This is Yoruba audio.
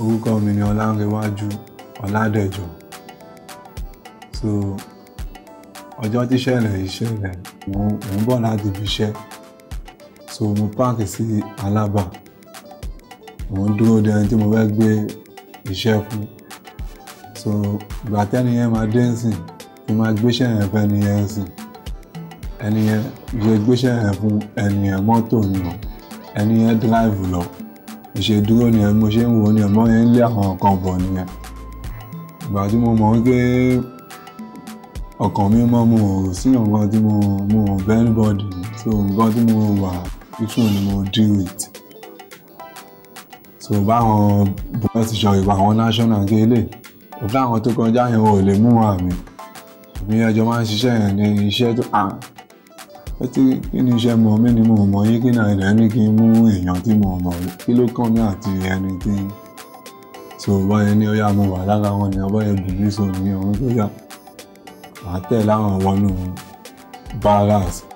orúkọ mi ni ọlárẹwájú ọládẹjọ so ọjọ́ tí ṣẹlẹ̀ yìí ṣẹlẹ̀ láti ibi iṣẹ́ so mo páàkì sí Alábà mo ń dúró de ẹni tí mo fẹ́ gbé iṣẹ́ fún so ìgbà tẹ́ni yẹn máa dé nsìn mo máa gbéṣẹ́ yẹn fún ẹni yẹn nsìn ẹni yẹn yẹ gbéṣẹ́ yẹn fún ẹni yẹn mọ́tò ni o ẹni yẹn dráìvù lọ ìṣe dúró ni mo ṣe ń wo ni ọmọ yẹn ń lé àwọn nǹkan bọ̀ nìyẹn ìgbà tí mo mọ̀ pé ọkàn mi mọ́ mo sí nǹkan tí mo mo bend body so nǹkan tí mo wà tuntun ni mo deal with so báwọn bọ́lá ti sọ ìwà àwọn national gélé òfin àwọn tó kọjá yẹn ò lè mú wa mi ìgbìyànjọ máa ń ṣiṣẹ́ yẹn ní iṣẹ́ tó ẹ ti kí ni iṣẹ́ mọ̀ mí ni mo mọ̀ yín kí náà ẹ̀dá ní kí n mú èèyàn tí mo mọ̀ kí ló kàn mí àti ẹni tí so báyẹn ní ọyá mo wà lára wọn ni ọbẹ̀yẹn bù mí so ní ohun tó yà àtẹ̀ láwọn wọnú barras